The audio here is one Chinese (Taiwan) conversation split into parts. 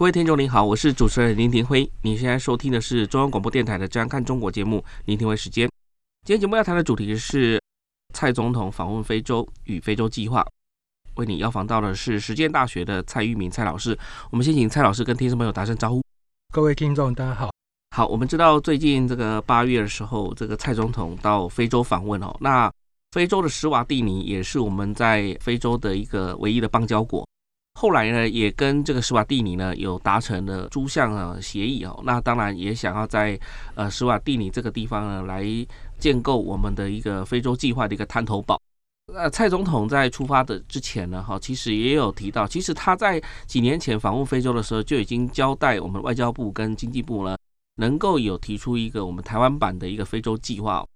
各位聽眾您好，我是主持人林廷輝。你現在收聽的是中央廣播電台的《這樣看中國》節目，林廷輝時間。今天節目要談的主題是蔡總統訪問非洲與非洲計劃。為你邀訪到的是實踐大學的蔡裕明蔡老師。我們先請蔡老師跟聽眾朋友打聲招呼。各位聽眾，大家好。好，我們知道最近這個八月的時候，這個蔡總統到非洲訪問哦。那非洲的史瓦帝尼也是我們在非洲的一個唯一的邦交國。後來呢，也跟這個史瓦帝尼呢有達成了諸項啊、呃、協議哦，那當然也想要在呃史瓦帝尼這個地方呢來建構我們的一個非洲計劃的一個灘頭堡。呃，蔡總統在出發的之前呢，哈、哦，其實也有提到，其實他在幾年前訪問非洲的時候就已經交代我們外交部跟經濟部呢，能夠有提出一個我們台灣版的一個非洲計劃、哦。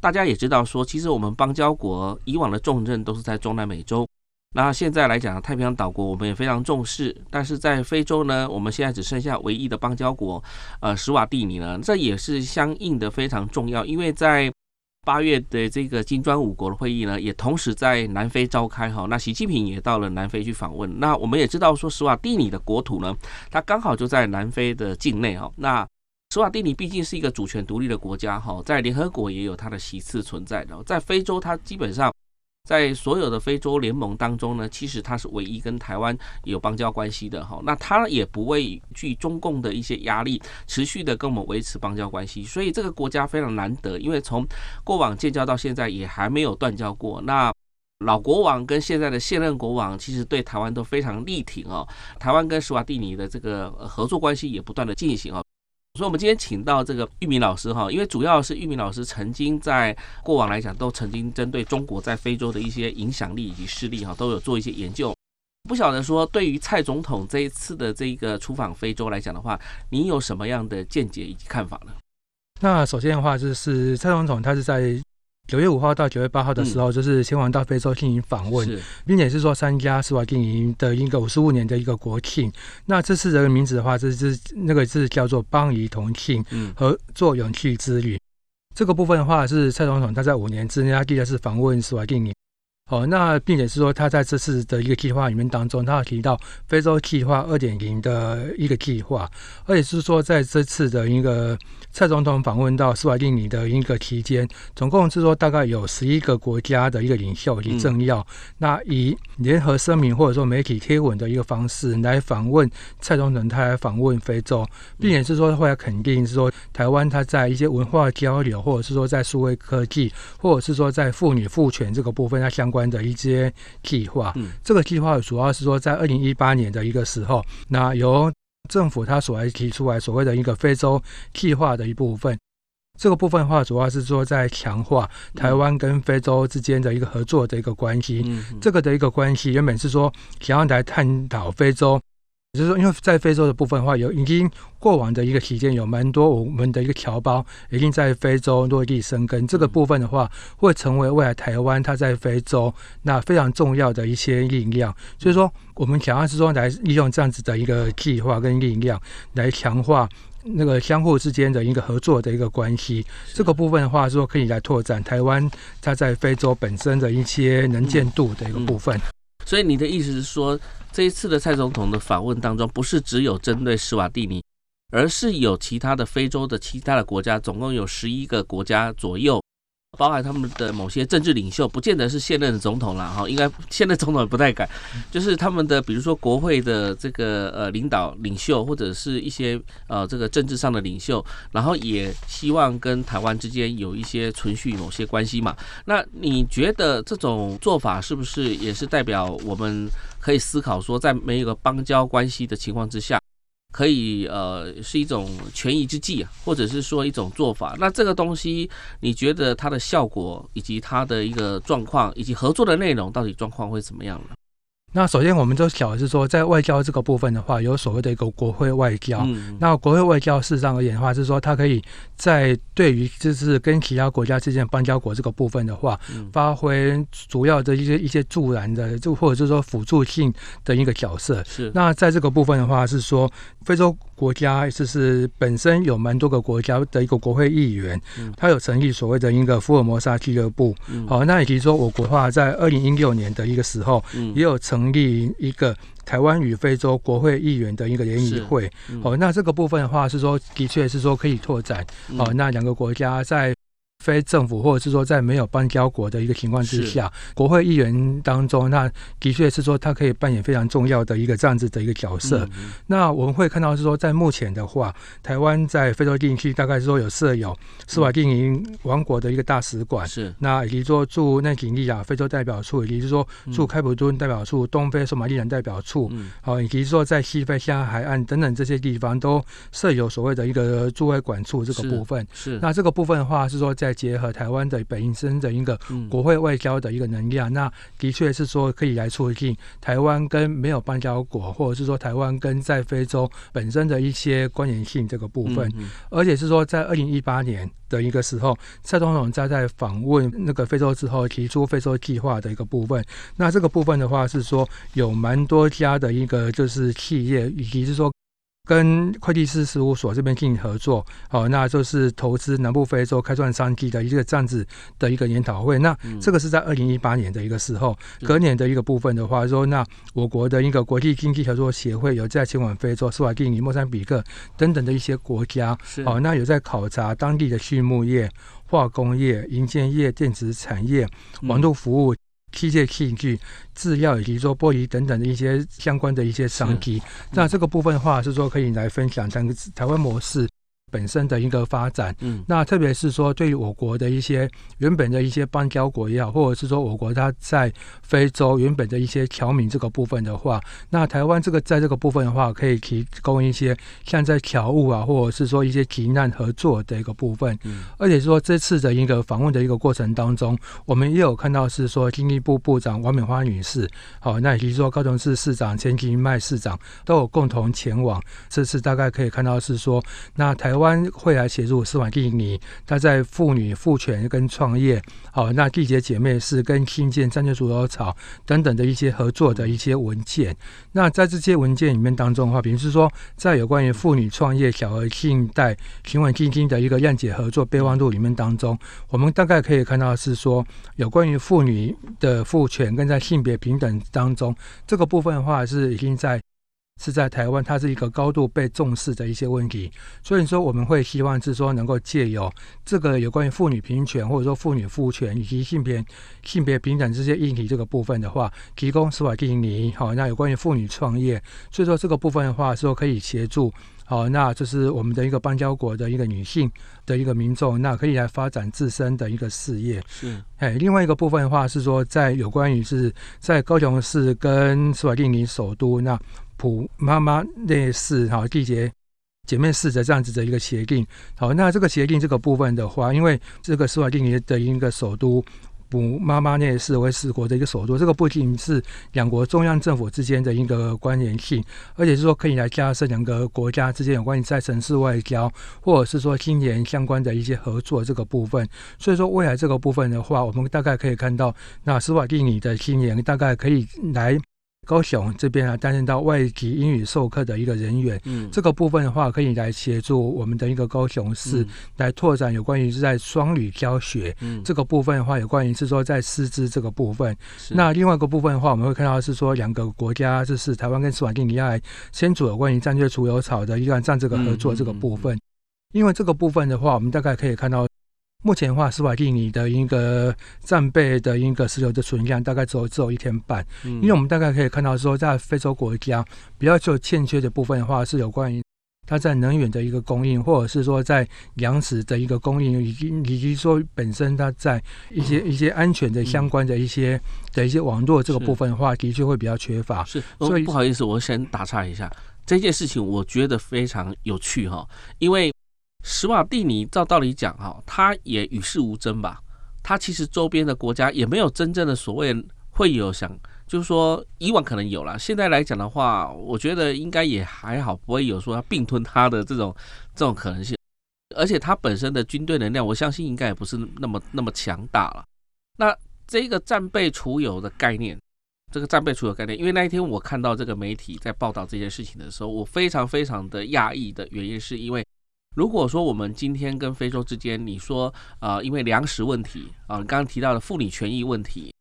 大家也知道說，其實我們邦交國以往的重任都是在中南美洲。那現在來講，太平洋島國我們也非常重視，但是在非洲呢，我們現在只剩下唯一的邦交國，呃，史瓦帝尼呢，這也是相應的非常重要，因為在八月的這個金磚五國的會議呢，也同時在南非召開哈，那習近平也到了南非去訪問，那我們也知道，說史瓦帝尼的國土呢，它剛好就在南非的境內哈，那史瓦帝尼畢竟是一個主權獨立的國家哈，在聯合國也有它的席次存在的，在非洲它基本上。在所有的非洲聯盟當中呢，其實它是唯一跟台灣有邦交關係的哈、哦。那它也不畏懼中共的一些壓力，持續的跟我們維持邦交關係，所以這個國家非常難得，因為從過往建交到現在也還沒有斷交過。那老國王跟現在的現任國王其實對台灣都非常力挺哦。台灣跟史瓦帝尼的這個合作關係也不斷的進行哦。所以，我們今天請到這個裕明老師哈，因為主要是裕明老師曾經在過往來講，都曾經針對中國在非洲的一些影響力以及勢力哈，都有做一些研究。不曉得說，對於蔡總統這一次的這個出訪非洲來講的話，您有什麼樣的見解以及看法呢？那首先的話，就是蔡總統他是在。九月五號到九月八號的時候，就是前往到非洲進行訪問，嗯、並且是說參加史瓦帝尼的一個五十五年的一個國慶。那這次人的名字的話，就是那個字叫做“邦誼同慶，合作永續之旅”嗯。這個部分的話，是蔡總統他在五年之內，他第一次訪問史瓦帝尼。哦，那並且是說，他在這次的一個計劃裡面當中，他有提到非洲計劃二點零的一個計劃，而且是說在這次的一個蔡總統訪問到史瓦帝尼的一個期間，總共是說大概有十一個國家的一個領袖以及政要，嗯、那以聯合聲明或者說媒體貼文的一個方式來訪問蔡總統，他來訪問非洲，並且是說會來肯定是說台灣他在一些文化交流，或者是說在數位科技，或者是說在婦女賦權這個部分，它相關。的一些計劃，嗯、這個計劃主要是說在二零一八年的一個時候，那由政府他所提出來所謂的一個非洲計劃的一部分，這個部分的話主要是說在強化台灣跟非洲之間的一個合作的一個關係，嗯、這個的一個關係原本是說想要來探討非洲。就是說，因為在非洲的部分的話，有已經過往的一個期間，有蠻多我們的一個僑胞已經在非洲落地生根。這個部分的話，會成為未來台灣它在非洲那非常重要的一些力量。所以說，我們想要是說來利用這樣子的一個計劃跟力量，來強化那個相互之間的一個合作的一個關係。這個部分的話，說可以來拓展台灣它在非洲本身的一些能見度的一個部分。所以你的意思是說，這一次的蔡總統的訪問當中，不是只有針對史瓦帝尼，而是有其他的非洲的其他的國家，總共有十一個國家左右。包含他們的某些政治領袖，不見得是現任的總統了哈，應該現任總統也不太敢，就是他們的比如說國會的這個呃領導領袖或者是一些呃這個政治上的領袖，然後也希望跟台灣之間有一些存續某些關係嘛。那你覺得這種做法是不是也是代表我們可以思考說，在沒有個邦交關係的情況之下？可以，呃，是一種權宜之計啊，或者是說一種做法。那這個東西，你覺得它的效果，以及它的一個狀況，以及合作的內容，到底狀況會怎麼樣呢？那首先，我們就想的是說，在外交這個部分的話，有所謂的一個國會外交。嗯、那國會外交，事實上而言的話，是說它可以在對於就是跟其他國家之間的邦交國這個部分的話，發揮主要的一些一些助燃的，就或者就是說輔助性的一個角色。是。那在這個部分的話，是說非洲。國家就是本身有蠻多個國家的一個國會議員，他、嗯、有成立所謂的一個福爾摩沙俱樂部。好、嗯哦，那也就是說，我國話在二零一六年的一個時候，嗯、也有成立一個台灣與非洲國會議員的一個聯誼會。好、嗯哦，那這個部分的話是說，的確是說可以拓展。好、嗯哦，那兩個國家在。非政府，或者是說在沒有邦交國的一個情況之下，是國會議員當中，那的確是說他可以扮演非常重要的一個這樣子的一個角色。嗯嗯、那我們會看到是說，在目前的話，台灣在非洲地區大概是說有設有司瓦定營史瓦帝尼王國的一個大使館，是、嗯、那以及說駐奈及利亞非洲代表處，以及是說駐開普敦代表處、嗯、東非索馬利蘭代表處，好、嗯啊、以及說在西非象牙海岸等等這些地方都設有所謂的一個駐外館處這個部分。是，是那這個部分的話是說在結合台灣的本身的一個國會外交的一個能量，那的確是說可以來促進台灣跟沒有邦交國，或者是說台灣跟在非洲本身的一些關聯性這個部分。嗯嗯，而且是說，在二零一八年的一個時候，蔡總統在在訪問那個非洲之後，提出非洲計劃的一個部分。那這個部分的話是說，有蠻多家的一個就是企業，以及是說跟會計師事務所這邊進行合作，好、哦，那就是投資南部非洲開創商機的一個這樣子的一個研討會。那這個是在二零一八年的一個時候，嗯、隔年的一個部分的話說，那我國的一個國際經濟合作協會有在前往非洲、史瓦帝尼、莫桑比克等等的一些國家，好是、哦，那有在考察當地的畜牧業、化工業、銀建業、電子產業、網絡服務。嗯器械器具、製藥以及說玻璃等等的一些相關的一些商機。是那這個部分的話，是說可以來分享三個台灣模式。本身的一個發展，嗯，那特別是說對於我國的一些原本的一些邦交國也好，或者是說我國它在非洲原本的一些僑民這個部分的話，那台灣這個在這個部分的話，可以提供一些像在僑務啊，或者是說一些急難合作的一個部分。嗯，而且說這次的一個訪問的一個過程當中，我們也有看到是說經濟部部長王美花女士，好，那以及說高雄市市長陳其邁市長都有共同前往。這次大概可以看到是說，那台灣。關會來協助司法定義，他在婦女賦權跟創業，好，那締結姐、姐妹是跟新建、戰略主導草等等的一些合作的一些文件。那在這些文件裡面當中的話，比如是說在有關於婦女創業小額信貸、平穩基金的一個諒解合作備忘錄裡面當中，我們大概可以看到是說有關於婦女的賦權跟在性別平等當中這個部分的話是已經在。是在台灣，它是一個高度被重視的一些問題，所以說我們會希望是說能夠借由這個有關於婦女平權或者說婦女賦權以及性別性別平等這些議題這個部分的話，提供史瓦帝尼。好，那有關於婦女創業，所以說這個部分的話，說可以協助。好，那這是我們的一個邦交國的一個女性的一個民眾，那可以來發展自身的一個事業。是，哎，另外一個部分的話是說，在有關於是在高雄市跟史瓦帝尼首都那姆巴巴內市哈締結姐妹市的這樣子的一個協定。好，那這個協定這個部分的話，因為這個史瓦帝尼的一個首都。姆巴巴內是史國的一個首都，這個不僅是兩國中央政府之間的一個關聯性，而且是說可以來加深兩個國家之間有關於在城市外交或者是說青年相關的一些合作這個部分。所以說未來這個部分的話，我們大概可以看到，那史瓦帝尼的青年大概可以來。高雄這邊啊，擔任到外籍英語授課的一個人員，嗯，這個部分的話，可以來協助我們的一個高雄市來拓展有關於是在雙語教學，嗯，這個部分的話，有關於是說在師資這個部分。是那另外一個部分的話，我們會看到是說兩個國家，就是台灣跟史瓦帝尼亞簽署有關於戰略儲油槽的一個戰這個合作這個部分。嗯嗯嗯嗯嗯、因為這個部分的話，我們大概可以看到。目前的話，史瓦帝尼的一個戰備的一個石油的存量大概只有只有一天半，嗯、因為我們大概可以看到說，在非洲國家比較就欠缺的部分的話，是有關於它在能源的一個供應，或者是說在糧食的一個供應，以及以及說本身它在一些、嗯、一些安全的相關的一些、嗯、的一些網絡這個部分的話，是的確會比較缺乏。是，哦、所以不好意思，我先打岔一下，這件事情我覺得非常有趣哈、哦，因為。史瓦帝尼，照道理講，哦，哈，他也與世無爭吧？他其實周邊的國家也沒有真正的所謂會有想，就是說以往可能有了，現在來講的話，我覺得應該也還好，不會有說要併吞他的這種這種可能性。而且他本身的軍隊能量，我相信應該也不是那麼那麼強大了。那這個戰備儲油的概念，這個戰備儲油概念，因為那一天我看到這個媒體在報道這件事情的時候，我非常非常的訝異的原因是因為。如果說我們今天跟非洲之間，你說呃，因為糧食問題啊、呃，你剛剛提到的婦女權益問題，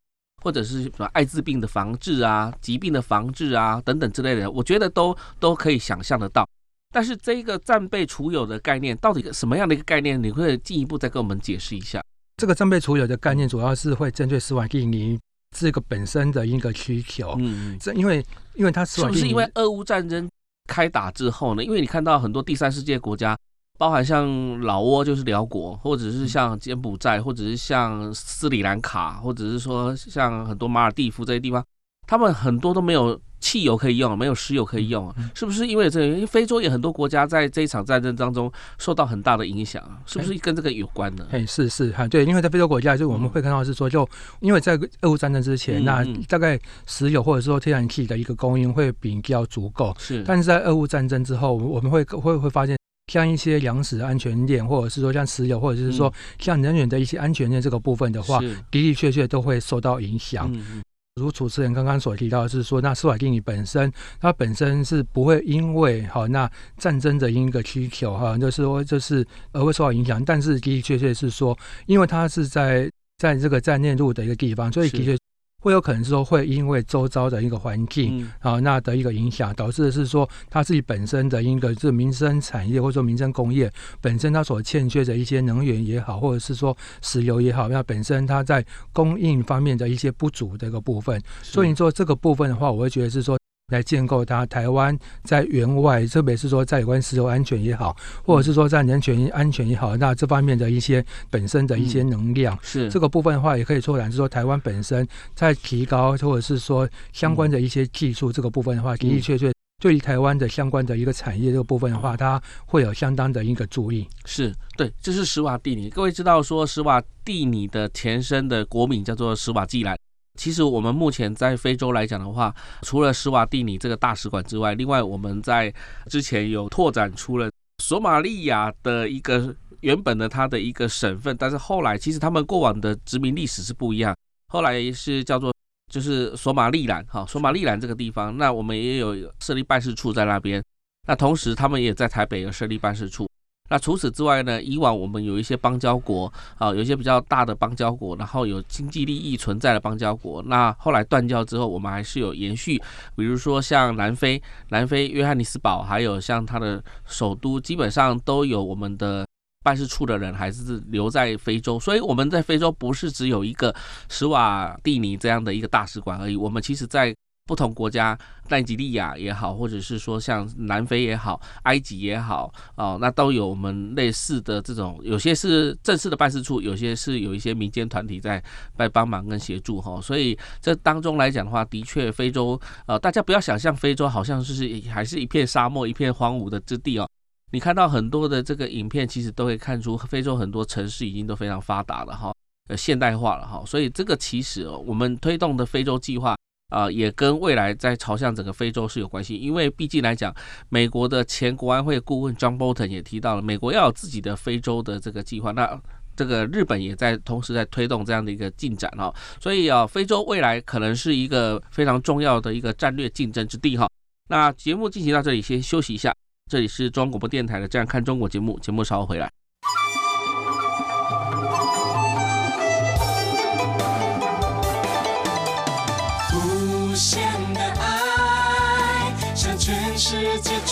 或者是什麼艾滋病的防治啊、疾病的防治啊等等之類的，我覺得都都可以想象得到。但是這個戰備儲油的概念到底什麼樣的一個概念？你會進一步再跟我們解釋一下？這個戰備儲油的概念，主要是會針對斯瓦蒂尼這個本身的一個需求。嗯，這因，因為因為它是不是因為俄烏戰爭開打之後呢？因為你看到很多第三世界國家。包含像老撾就是寮國，或者是像柬埔寨，或者是像斯里蘭卡，或者是說像很多馬爾地夫這些地方，他們很多都沒有汽油可以用，沒有石油可以用，嗯、是不是因為這個原因？非洲也很多國家在這一場戰爭當中受到很大的影響，是不是跟這個有關呢？嘿、欸，是是哈、啊，對，因為在非洲國家，就我們會看到是說，就因為在俄烏戰爭之前，嗯、那大概石油或者說天然氣的一個供應會比較足夠，是，但是在俄烏戰爭之後，我們會會會發現。像一些糧食安全鏈，或者是說像石油，或者是說像能源的一些安全鏈這個部分的話，嗯、的的確確都會受到影響。嗯嗯、如主持人剛剛所提到，是說那史瓦帝尼本身，它本身是不會因為好那戰爭的一個需求哈，就是說就是而會受到影響，但是的的確確是說，因為它是在在這個在內陸的一個地方，所以的確。會有可能是說，會因為周遭的一個環境啊，嗯、那的一個影響，導致的是說，它自己本身的一個就是民生產業，或者說民生工業本身它所欠缺的一些能源也好，或者是說石油也好，那本身它在供應方面的一些不足的一個部分，是所以你說這個部分的話，我會覺得是說。來建構它，台灣在援外，特別是說在有關石油安全也好，或者是說在人權安全也好，那這方面的一些本身的一些能量，嗯、是這個部分的話，也可以拓展，就是說台灣本身在提高，或者是說相關的一些技術，這個部分的話，嗯、的的確確對於台灣的相關的一個產業這個部分的話，它會有相當的一個注意。是，對，這是史瓦帝尼。各位知道說，史瓦帝尼的前身的國名叫做史瓦濟蘭。其實我們目前在非洲來講的話，除了史瓦帝尼這個大使館之外，另外我們在之前有拓展出了索馬利亞的一個原本的它的一個省份，但是後來其實他們過往的殖民歷史是不一樣，後來是叫做就是索馬利蘭哈，索馬利蘭這個地方，那我們也有設立辦事處在那邊，那同時他們也在台北有設立辦事處。那除此之外呢？以往我們有一些邦交國啊、呃，有一些比較大的邦交國，然後有經濟利益存在的邦交國。那後來斷交之後，我們還是有延續，比如說像南非，南非約翰尼斯堡，還有像它的首都，基本上都有我們的辦事處的人還是留在非洲。所以我們在非洲不是只有一個史瓦帝尼這樣的一個大使館而已，我們其實在。不同國家，像奈及利亞也好，或者是說像南非也好、埃及也好，哦，那都有我們類似的這種，有些是正式的辦事處，有些是有一些民間團體在在幫忙跟協助哈、哦。所以這當中來講的話，的確非洲，呃，大家不要想象非洲好像就是還是一片沙漠、一片荒蕪的之地哦。你看到很多的這個影片，其實都可以看出非洲很多城市已經都非常發達了哈，呃，現代化了哈、哦。所以這個其實、哦、我們推動的非洲計劃。啊，也跟未來在朝向整個非洲是有關係，因為畢竟來講，美國的前國安會顧問 John Bolton 也提到了，美國要有自己的非洲的這個計劃。那這個日本也在同時在推動這樣的一個進展哦。所以啊，非洲未來可能是一個非常重要的一個戰略競爭之地哈。那節目進行到這裡，先休息一下。這裡是中央廣播電臺的《這樣看中國》節目，節目稍後回來。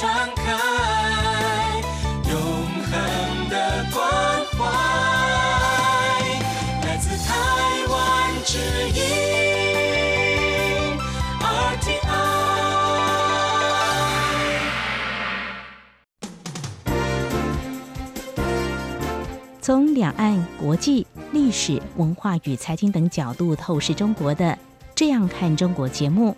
敞開永恆的關懷，來自台灣之音 RTI，從兩岸、國際、歷史、文化與財經等角度透視中國的這樣看中國節目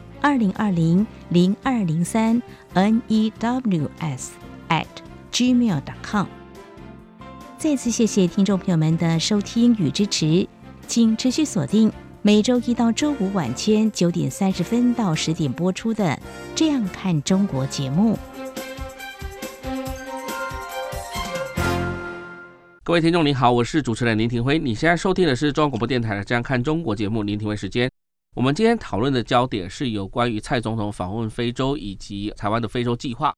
二零二零零二零三 news at gmail.com。再次謝謝聽眾朋友們的收聽與支持，請持續鎖定每周一到周五晚間九點三十分到十點播出的《這樣看中國》節目。各位聽眾，您好，我是主持人林廷輝，你現在收聽的是中央廣播電台的《這樣看中國》節目，林廷輝時間。我們今天討論的焦點是有關於蔡總統訪問非洲以及台灣的非洲計劃。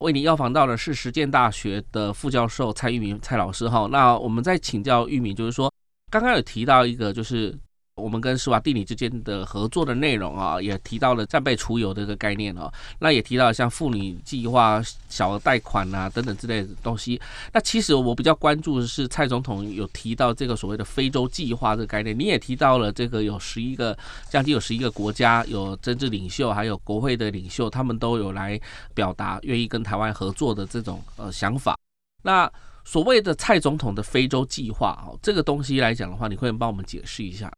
為您邀訪到的是實踐大學的副教授蔡裕明蔡老師哈。那我們再請教裕明，就是說，剛剛有提到一個，就是。我們跟史瓦帝尼之間的合作的內容啊，也提到了戰備儲油的一個概念哦。那也提到了像婦女計劃、小額貸款啊等等之類的東西。那其實我比較關注的是蔡總統有提到這個所謂的非洲計劃這個概念。你也提到了這個有十一個，將近有十一個國家有政治領袖，還有國會的領袖，他們都有來表達願意跟台灣合作的這種呃想法。那所謂的蔡總統的非洲計劃哦，這個東西來講的話，你可以幫我們解釋一下。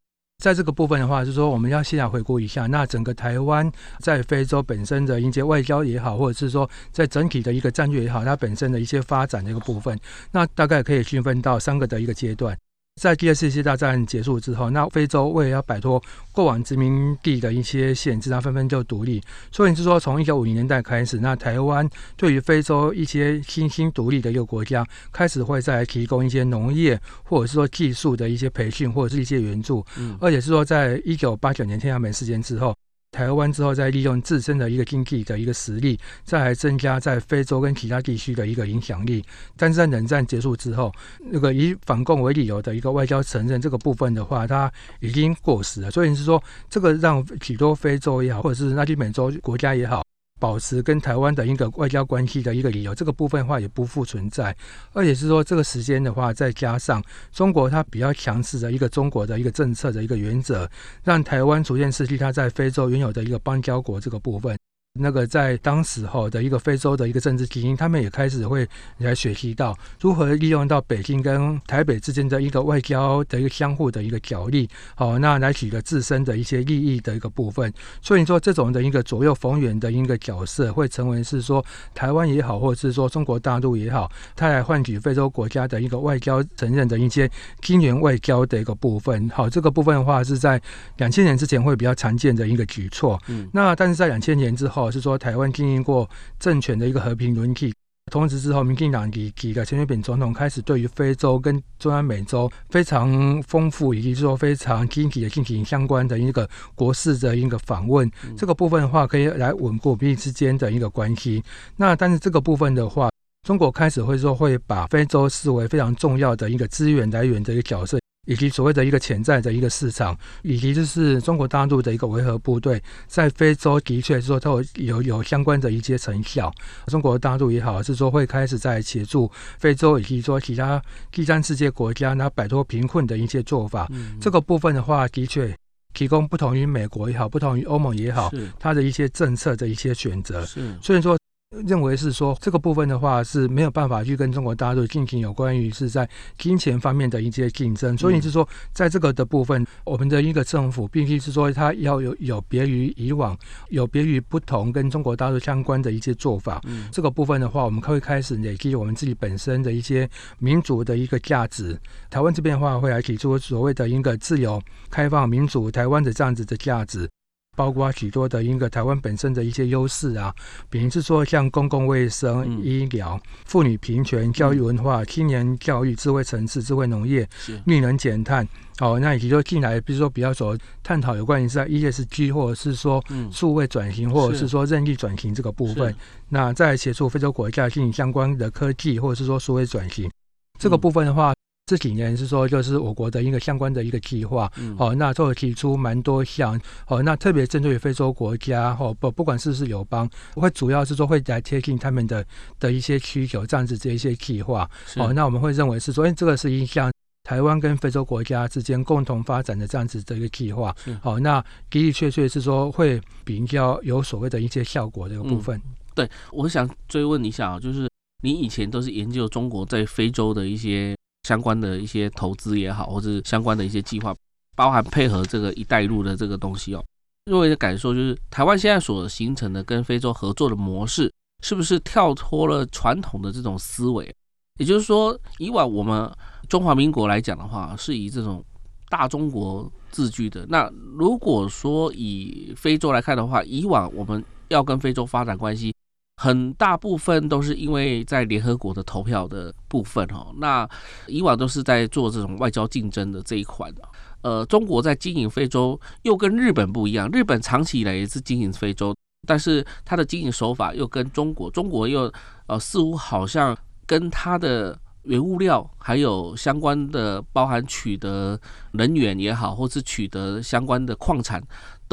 在這個部分的話，就是說我們要先來回顧一下，那整個台灣在非洲本身的一些外交也好，或者是說在整體的一個戰略也好，它本身的一些發展的一個部分，那大概可以區分到三個的一個階段。在第二次世界大戰結束之後，那非洲為了要擺脫過往殖民地的一些限制，它紛紛就獨立。所以你是說，從一九五零年代開始，那台灣對於非洲一些新興獨立的一個國家，開始會在提供一些農業或者是說技術的一些培訓，或者是一些援助。嗯、而且是說，在一九八九年天安門事件之後，台灣之後，再利用自身的一個經濟的一個實力，再來增加在非洲跟其他地區的一個影響力。但是在冷戰結束之後，那個以反共為理由的一個外交承認這個部分的話，它已經過時了。所以你是說，這個讓許多非洲也好，或者是拉丁美洲國家也好。保持跟台灣的一個外交關係的一個理由，這個部分的話也不復存在。而且是說，這個時間的話，再加上中國它比較強勢的一個中國的一個政策的一個原則，讓台灣逐漸失去它在非洲原有的一個邦交國這個部分。那個在當時候的一個非洲的一個政治精英，他們也開始會來學習到如何利用到北京跟台北之間的一個外交的一個相互的一個角力，好，那來取得自身的一些利益的一個部分。所以說這種的一個左右逢源的一個角色，會成為是說台灣也好，或者是說中國大陸也好，他來換取非洲國家的一個外交承認的一些金元外交的一個部分。好，這個部分的話是在兩千年之前會比較常見的一個舉措。嗯，那但是在兩千年之後，是說，臺灣經營過政權的一個和平輪替，同時之後，民進黨以及一個陳水扁總統開始對於非洲跟中央美洲非常豐富以及說非常積極的進行相關的一個國事的一個訪問。嗯、這個部分的話，可以來穩固彼此之間的一個關係。那但是這個部分的話，中國開始會說會把非洲視為非常重要的一個資源來源的一個角色。以及所謂的一個潛在的一個市場，以及就是中國大陸的一個維和部隊在非洲的確是說都有有，有相關的一些成效。中國大陸也好，是說會開始在協助非洲以及說其他第三世界國家，那擺脫貧困的一些做法。嗯嗯，這個部分的話，的確提供不同於美國也好，不同於歐盟也好，它的一些政策的一些選擇。是，所以說。認為是說這個部分的話是沒有辦法去跟中國大陸進行有關於是在金錢方面的一些競爭，所以是說在這個的部分，我們的一個政府必須是說它要有有別於以往，有別於不同跟中國大陸相關的一些做法。這個部分的話，我們會開始累積我們自己本身的一些民主的一個價值。台灣這邊的話，會來提出所謂的一個自由、開放、民主、台灣的這樣子的價值。包括許多的，一個台灣本身的一些優勢啊，比如是說像公共衛生、嗯、醫療、婦女平權、嗯、教育文化、青年教育、智慧城市、智慧農業、綠能減碳，哦，那以及說近來，比如說比較所探討有關於在 ESG 或者是說數位轉型或者是說人、嗯、意轉型這個部分，是那在協助非洲國家進行相關的科技或者是說數位轉型這個部分的話。嗯這幾年是說，就是我國的一個相關的一個計劃，嗯、哦，那就會提出蠻多項，哦，那特別針對於非洲國家，哦，不，不管是不是友邦，會主要是說會來貼近他們的的一些需求，這樣子這一些計劃，是哦，那我們會認為是說，因、哎、為這個是一項台灣跟非洲國家之間共同發展的這樣子的一個計劃，是哦，那的的確、確確是說會比較有所謂的一些效果這個部分、嗯。對，我想追問一下，就是你以前都是研究中國在非洲的一些。相關的一些投資也好，或者相關的一些計劃，包含配合這個“一帶一路”的這個東西哦。我的感受就是，台灣現在所形成的跟非洲合作的模式，是不是跳脫了傳統的這種思維？也就是說，以往我們中華民國來講的話，是以這種大中國自居的。那如果說以非洲來看的話，以往我們要跟非洲發展關係。很大部分都是因為在聯合國的投票的部分哦，那以往都是在做這種外交競爭的這一款，呃，中國在經營非洲又跟日本不一樣，日本長期以來也是經營非洲，但是它的經營手法又跟中國，中國又呃似乎好像跟它的原物料還有相關的包含取得能源也好，或是取得相關的礦產。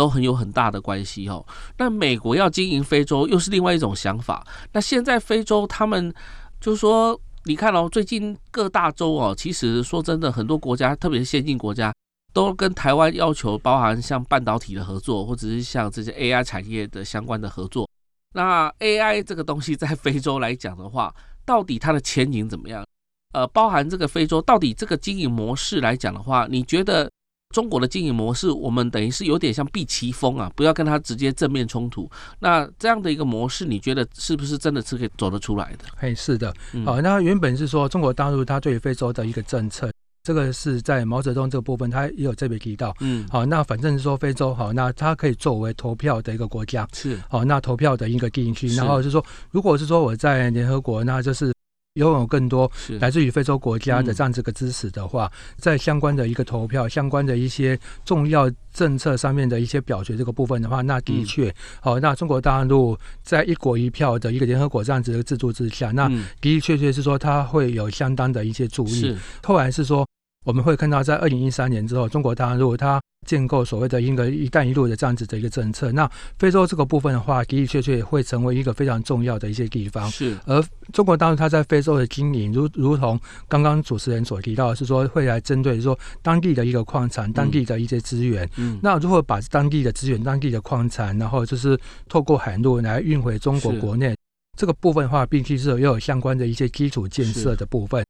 都很有很大的關係哦。那美國要經營非洲，又是另外一種想法。那現在非洲他們就是說，你看哦，最近各大洲哦，其實說真的，很多國家，特別是先進國家，都跟台灣要求包含像半導體的合作，或者是像這些 AI 產業的相關的合作。那 AI 這個東西在非洲來講的話，到底它的前景怎麼樣？呃，包含這個非洲，到底這個經營模式來講的話，你覺得？中國的經營模式，我們等於是有點像避其鋒啊，不要跟他直接正面衝突。那這樣的一個模式，你覺得是不是真的是可以走得出來的？嘿，是的，好、嗯哦。那原本是說中國大陸它對於非洲的一個政策，這個是在毛澤東這個部分，他也有特別提到。嗯，好、哦，那反正是說非洲，好、哦，那它可以作為投票的一個國家，是，好、哦，那投票的一個地區。是然後是說，如果是說我在聯合國，那就是。擁有更多來自於非洲國家的這樣子個支持的話，嗯、在相關的一個投票、相關的一些重要政策上面的一些表決這個部分的話，那的確，嗯、哦，那中國大陸在一國一票的一個聯合國這樣子的制度之下，嗯、那的的確確是說他會有相當的一些注意。是後來是說。我們會看到，在二零一三年之後，中國大陸如果它建構所謂的“一個一帶一路”的這樣子的一個政策，那非洲這個部分的話，的的確確會成為一個非常重要的一些地方。是。而中國大陸，它在非洲的經營，如如同剛剛主持人所提到，是說會來針對說當地的一個礦產、當地的一些資源嗯。嗯。那如果把當地的資源、當地的礦產，然後就是透過海陸來運回中國國內，是這個部分的話，必須是要有相關的一些基礎建設的部分。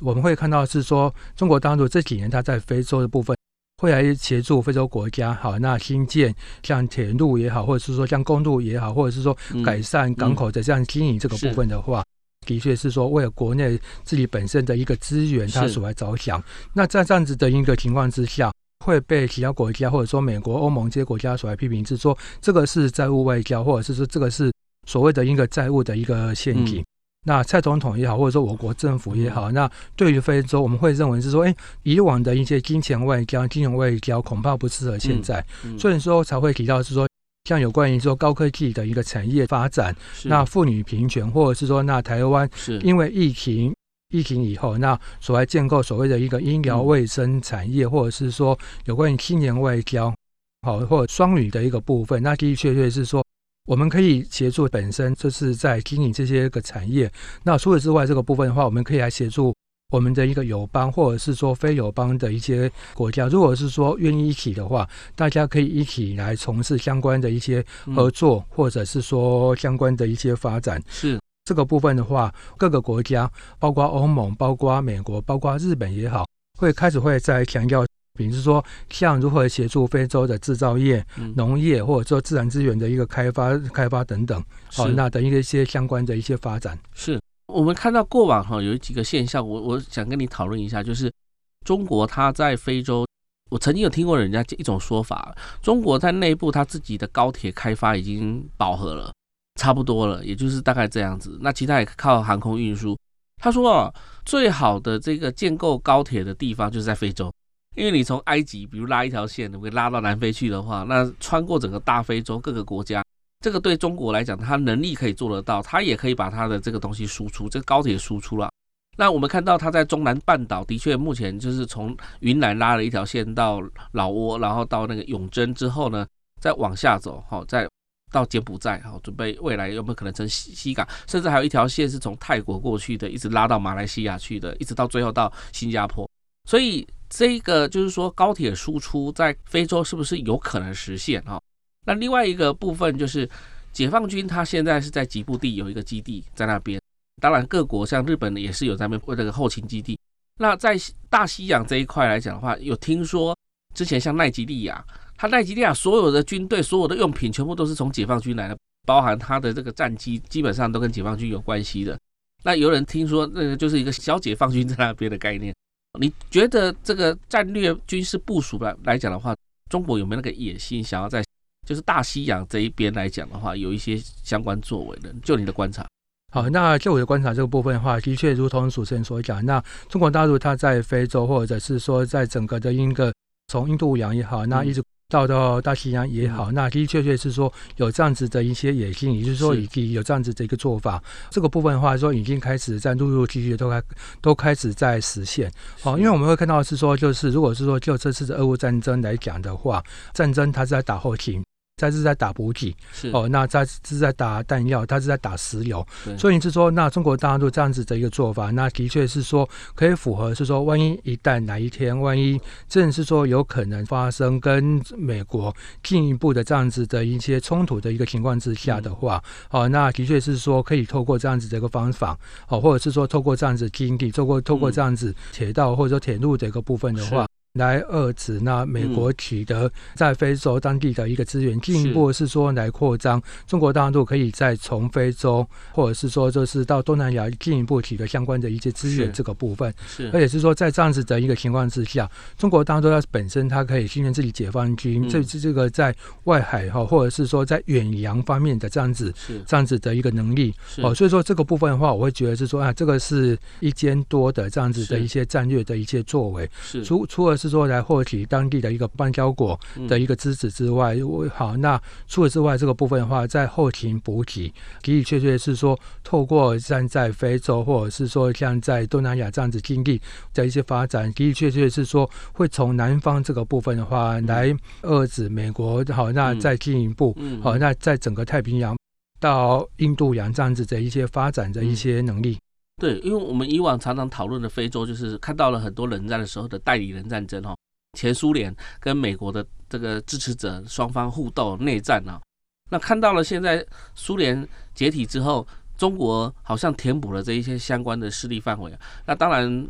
我們會看到是說，中國大陸這幾年他在非洲的部分，會來協助非洲國家，好，那新建像鐵路也好，或者是說像公路也好，或者是說改善港口的這樣經營，這個部分的話，的確是說為了國內自己本身的一個資源，它所來着想。那在這樣子的一個情況之下，會被其他國家或者說美國、歐盟這些國家所來批評，是說這個是債務外交，或者是說這個是所謂的一個債務的一個陷阱。嗯那蔡總統也好，或者說我國政府也好，嗯、那對於非洲，我們會認為是說，誒、欸，以往的一些金錢外交、金融外交恐怕不適合現在，嗯嗯、所以說才會提到是說，像有關於說高科技的一個產業發展，是那婦女平權，或者是說，那台灣是因為疫情，是疫情以後，那所來建構所謂的一個醫療衛生產業，嗯、或者是說有關於青年外交，好，或雙語的一個部分，那的的確確是說，我們可以協助本身，就是在經營這些個產業。那除此之外，這個部分的話，我們可以來協助我們的一個友邦，或者是說非友邦的一些國家，如果是說願意一起的話，大家可以一起來從事相關的一些合作，或者是說相關的一些發展。嗯，是。這個部分的話，各個國家，包括歐盟、包括美國、包括日本也好，會開始會在強調。比如說，像如何協助非洲的製造業、農、嗯、業，或者說自然資源的一個開發、開發等等，是好，那等於一些相關的一些發展。是我們看到過往哈、哦、有幾個現象，我我想跟你討論一下，就是中國它在非洲，我曾經有聽過人家一種說法，中國在內部它自己的高鐵開發已經飽和了，差不多了，也就是大概這樣子。那其他也靠航空運輸。他說啊、哦，最好的這個建構高鐵的地方就是在非洲。因為你從埃及，比如拉一條線，你會拉到南非去的話，那穿過整個大非洲各個國家，這個對中國來講，它能力可以做得到，它也可以把它的這個東西輸出，這個高鐵輸出了啊。那我們看到它在中南半島，的確目前就是從雲南拉了一條線到老撾，然後到那個永珍之後呢，再往下走，好，再到柬埔寨，好，準備未來有沒有可能成西西港？甚至還有一條線是從泰國過去的，一直拉到馬來西亞去的，一直到最後到新加坡。所以這個就是說，高鐵輸出在非洲是不是有可能實現哈、哦，那另外一個部分就是，解放軍他現在是在吉布地有一個基地在那邊。當然，各國像日本也是有在那邊這個後勤基地。那在大西洋這一塊來講的話，有聽說之前像奈及利亞，他奈及利亞所有的軍隊、所有的用品全部都是從解放軍來的，包含他的這個戰機，基本上都跟解放軍有關係的。那有人聽說，那個就是一個小解放軍在那邊的概念。你覺得這個戰略軍事部署來來講的話，中國有沒有那個野心，想要在就是大西洋這一邊來講的話，有一些相關作為的？就你的觀察。好，那就我的觀察這個部分的話，的確如同主持人所講，那中國大陸它在非洲或者是說在整個的一個從印度洋也好，那一直，嗯到到大西洋也好，那的的確確是說有這樣子的一些野心，也就是說已經有這樣子的一個做法。是這個部分的話說，已經開始在陸陸續續都開都開始在實現。好、哦，是因為我們會看到是說，就是如果是說就這次的俄烏戰爭來講的話，戰爭它是在打後勤。他是在打補給，是哦，那他是在打彈藥，他是在打石油，對所以你是說，那中國大陸這樣子的一個做法，那的確是說可以符合，是說萬一一旦哪一天，萬一正是說有可能發生跟美國進一步的這樣子的一些衝突的一個情況之下的話，哦、嗯呃，那的確是說可以透過這樣子的一個方法，哦，或者是說透過這樣子經濟，透過透過這樣子鐵道或者說鐵路的一個部分的話。嗯來遏制那美國取得在非洲當地的一個資源，進一步是說來擴張。中國大陸，可以再從非洲，或者是說就是到東南亞進一步取得相關的一些資源這個部分，而且是說在這樣子的一個情況之下，中國大陸它本身它可以訓練自己解放軍，這是這個在外海哈，或者是說在遠洋方面的這樣子這樣子的一個能力哦。所以說這個部分的話，我會覺得是說啊，這個是一兼多的這樣子的一些戰略的一些作為，除除了是。說來獲取當地的一個邦交國的一個支持之外，好，那除此之外這個部分的話，在後勤補給，的的確確是說，透過像在非洲或者是說像在東南亞這樣子經濟，的一些發展的的確確是說，會從南方這個部分的話來遏制美國，好，那再進一步，好、嗯哦，那在整個太平洋到印度洋這樣子的一些發展的一些能力。嗯對，因為我們以往常常討論的非洲，就是看到了很多冷戰的時候的代理人戰爭哈、哦，前蘇聯跟美國的這個支持者，雙方互鬥內戰呢、哦，那看到了現在蘇聯解體之後，中國好像填補了這一些相關的勢力範圍、啊，那當然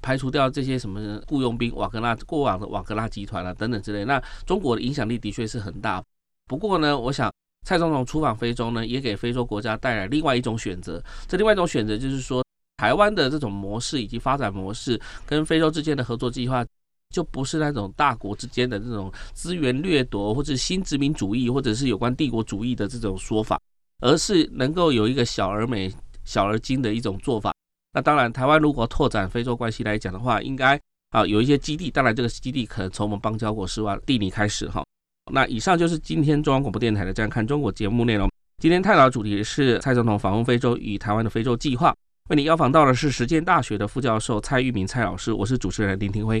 排除掉這些什麼雇傭兵瓦格納，過往的瓦格納集團啊等等之類，那中國的影響力的確是很大。不過呢，我想蔡總統出訪非洲呢，也給非洲國家帶來另外一種選擇，這另外一種選擇就是說。台灣的這種模式以及發展模式，跟非洲之間的合作計劃，就不是那種大國之間的這種資源掠奪，或者是新殖民主義，或者是有關帝國主義的這種說法，而是能夠有一個小而美、小而精的一種做法。那當然，台灣如果拓展非洲關係來講的話，應該啊有一些基地，當然這個基地可能從我們邦交國失望地理開始哈。那以上就是今天中央廣播電台的《這樣看中國》節目內容。今天探討的主題是蔡總統訪問非洲與台灣的非洲計劃。為你邀訪到的是實踐大學的副教授蔡裕明蔡老師，我是主持人林廷輝。